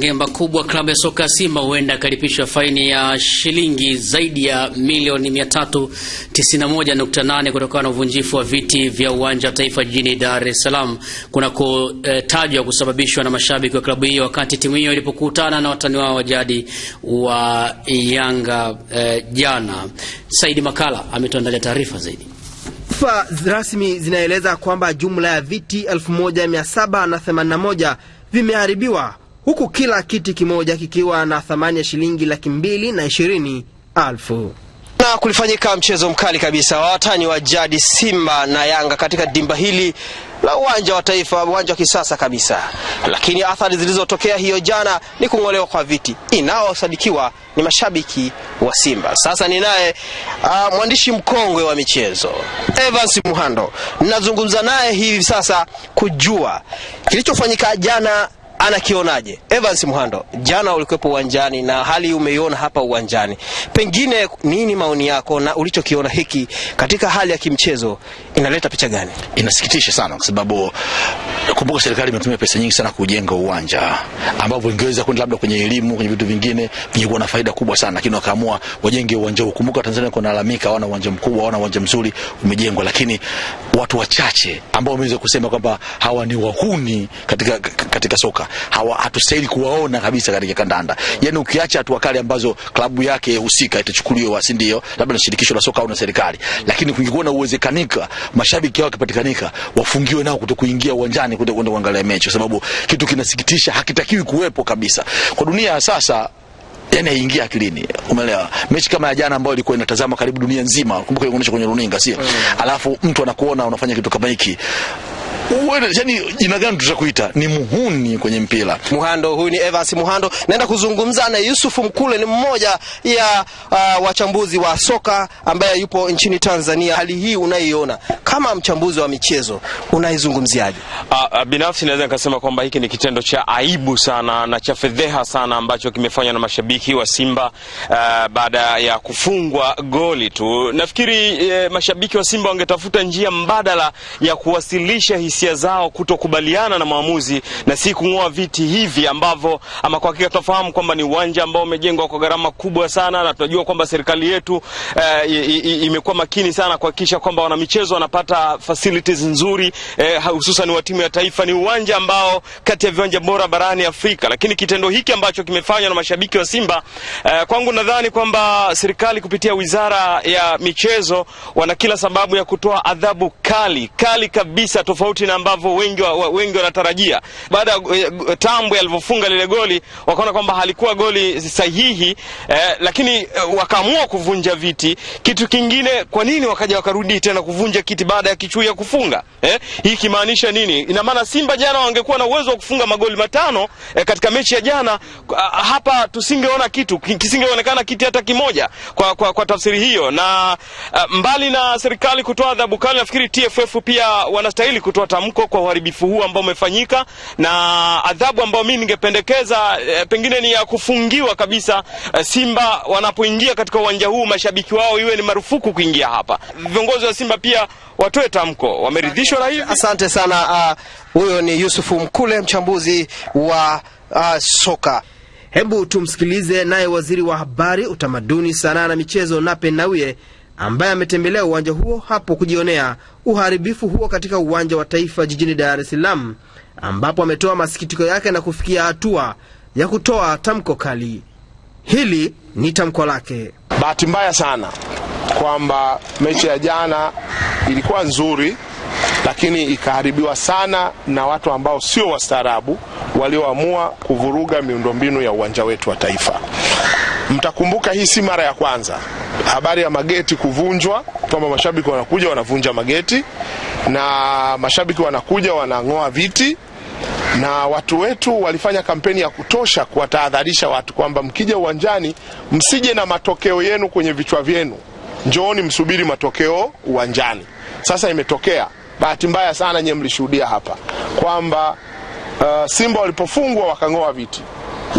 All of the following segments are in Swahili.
Ngemba kubwa klabu ya soka ya Simba huenda ikalipishwa faini ya shilingi zaidi ya milioni 391.8 kutokana na uvunjifu wa viti vya uwanja wa Taifa jijini Dar es Salaam kunakotajwa eh, kusababishwa na mashabiki wa klabu hiyo wakati timu hiyo ilipokutana na watani wao wa jadi wa Yanga eh, jana. Saidi Makala ametuandalia taarifa zaidi. Taarifa rasmi zinaeleza kwamba jumla ya viti 1781 vimeharibiwa huku kila kiti kimoja kikiwa na thamani ya shilingi laki mbili na ishirini alfu na kulifanyika mchezo mkali kabisa wa watani wa jadi Simba na Yanga katika dimba hili la uwanja wa Taifa, uwanja wa kisasa kabisa, lakini athari zilizotokea hiyo jana ni kung'olewa kwa viti inaosadikiwa ni mashabiki wa Simba. Sasa ninaye uh, mwandishi mkongwe wa michezo Evans Muhando, nazungumza naye hivi sasa kujua kilichofanyika jana anakionaje? Evans Mhando, jana ulikuwepo uwanjani na hali umeiona hapa uwanjani, pengine nini maoni yako na ulichokiona hiki katika hali ya kimchezo inaleta picha gani? Inasikitisha sana kwa sababu kumbuka, serikali imetumia pesa nyingi sana kujenga uwanja ambapo ingeweza kwenda labda kwenye elimu, kwenye vitu vingine vingekuwa na faida kubwa sana, lakini wakaamua wajenge uwanja huu. Kumbuka Tanzania kuna kunalalamika, hawana uwanja mkubwa, hawana uwanja mzuri umejengwa, lakini watu wachache ambao wameweza kusema kwamba hawa ni wahuni katika, katika soka hatustahili kuwaona kabisa katika kandanda. mm. Yani ukiacha hatua kali ambazo klabu yake husika itachukuliwa, si ndio? Labda na shirikisho la soka au na serikali. mm. Lakini kungekuwa na uwezekanika mashabiki wao wakipatikanika wafungiwe nao kuto kuingia uwanjani kwenda kuangalia mechi kwa sababu kitu kinasikitisha hakitakiwi kuwepo kabisa. Kwa dunia ya sasa yani haingia akilini, umeelewa? Mechi kama ya jana ambayo ilikuwa inatazama karibu dunia nzima, kumbuka, inaonyesha kwenye runinga, sio? mm. Alafu mtu anakuona unafanya kitu kama hiki wewe, yani jina gani tutakuita? Ni muhuni kwenye mpira. Muhando huyu ni Evans Muhando. Naenda kuzungumza na Yusuf Mkule, ni mmoja ya uh, wachambuzi wa soka ambaye yupo nchini Tanzania. Hali hii unaiona kama mchambuzi wa michezo unaizungumziaje? Uh, binafsi naweza nikasema kwamba hiki ni kitendo cha aibu sana na cha fedheha sana ambacho kimefanywa na mashabiki wa Simba uh, baada ya kufungwa goli tu. Nafikiri uh, mashabiki wa Simba wangetafuta njia mbadala ya kuwasilisha hisia zao kutokubaliana na maamuzi na si kung'oa viti hivi ambavyo ama kwa hakika tunafahamu kwamba ni uwanja ambao umejengwa kwa gharama kubwa sana, na tunajua kwamba serikali yetu eh, imekuwa makini sana kuhakikisha kwamba wanamichezo wanapata facilities nzuri eh, hususan wa timu ya taifa. Ni uwanja ambao kati ya viwanja bora barani Afrika, lakini kitendo hiki ambacho kimefanywa na mashabiki wa Simba eh, kwangu nadhani kwamba serikali kupitia wizara ya michezo wana kila sababu ya kutoa adhabu kali kali kabisa tofauti na ambavyo wengi wa, wengi wanatarajia. Baada ya eh, Tambwe alivyofunga lile goli, wakaona kwamba halikuwa goli sahihi eh, lakini eh, wakaamua kuvunja viti. Kitu kingine, kwa nini wakaja wakarudi tena kuvunja kiti baada ya Kichuya kufunga eh? Hii kimaanisha nini? Ina maana Simba jana wangekuwa na uwezo wa kufunga magoli matano eh, katika mechi ya jana ah, ah, hapa tusingeona kitu, kisingeonekana kiti hata kimoja kwa, kwa, kwa tafsiri hiyo. Na ah, mbali na serikali kutoa adhabu kali, nafikiri TFF pia wanastahili kutoa tamko mshtuko kwa uharibifu huu ambao umefanyika, na adhabu ambayo mimi ningependekeza e, pengine ni ya kufungiwa kabisa e, Simba wanapoingia katika uwanja huu, mashabiki wao iwe ni marufuku kuingia hapa. Viongozi wa Simba pia watoe tamko, wameridhishwa na hivi. Asante sana. Ah, huyo uh, ni Yusufu Mkule, mchambuzi wa uh, soka. Hebu tumsikilize naye waziri wa habari, utamaduni, sanaa na michezo Nape Nnauye ambaye ametembelea uwanja huo hapo kujionea uharibifu huo katika uwanja wa taifa jijini Dar es Salaam, ambapo ametoa masikitiko yake na kufikia hatua ya kutoa tamko kali. Hili ni tamko lake. Bahati mbaya sana kwamba mechi ya jana ilikuwa nzuri, lakini ikaharibiwa sana na watu ambao sio wastaarabu walioamua kuvuruga miundombinu ya uwanja wetu wa taifa. Mtakumbuka hii si mara ya kwanza habari ya mageti kuvunjwa, kwamba mashabiki wanakuja wanavunja mageti na mashabiki wanakuja wanang'oa viti na watu wetu walifanya kampeni ya kutosha kuwatahadharisha watu kwamba mkija uwanjani msije na matokeo yenu kwenye vichwa vyenu, njooni msubiri matokeo uwanjani. Sasa imetokea bahati mbaya sana, nyewe mlishuhudia hapa kwamba uh, Simba walipofungwa wakang'oa viti,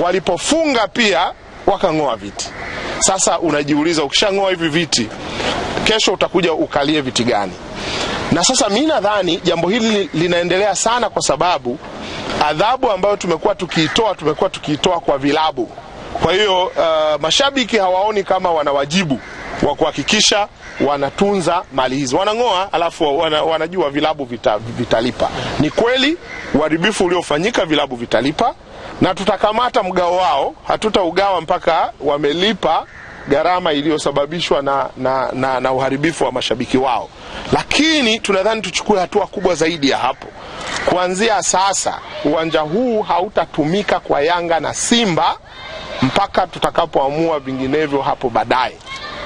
walipofunga pia wakang'oa viti. Sasa unajiuliza, ukishang'oa hivi viti, kesho utakuja ukalie viti gani? Na sasa mi nadhani jambo hili linaendelea sana, kwa sababu adhabu ambayo tumekuwa tukiitoa tumekuwa tukiitoa kwa vilabu. Kwa hiyo uh, mashabiki hawaoni kama wana wajibu wa kuhakikisha wanatunza mali hizi, wanang'oa alafu wana, wanajua vilabu vita, vitalipa. Ni kweli uharibifu uliofanyika vilabu vitalipa na tutakamata mgao wao, hatutaugawa mpaka wamelipa gharama iliyosababishwa na, na, na, na uharibifu wa mashabiki wao. Lakini tunadhani tuchukue hatua kubwa zaidi ya hapo. Kuanzia sasa, uwanja huu hautatumika kwa Yanga na Simba mpaka tutakapoamua vinginevyo hapo baadaye.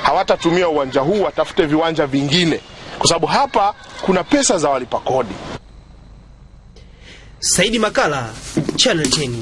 Hawatatumia uwanja huu, watafute viwanja vingine, kwa sababu hapa kuna pesa za walipa kodi. 谁他妈干了，欠人钱呢？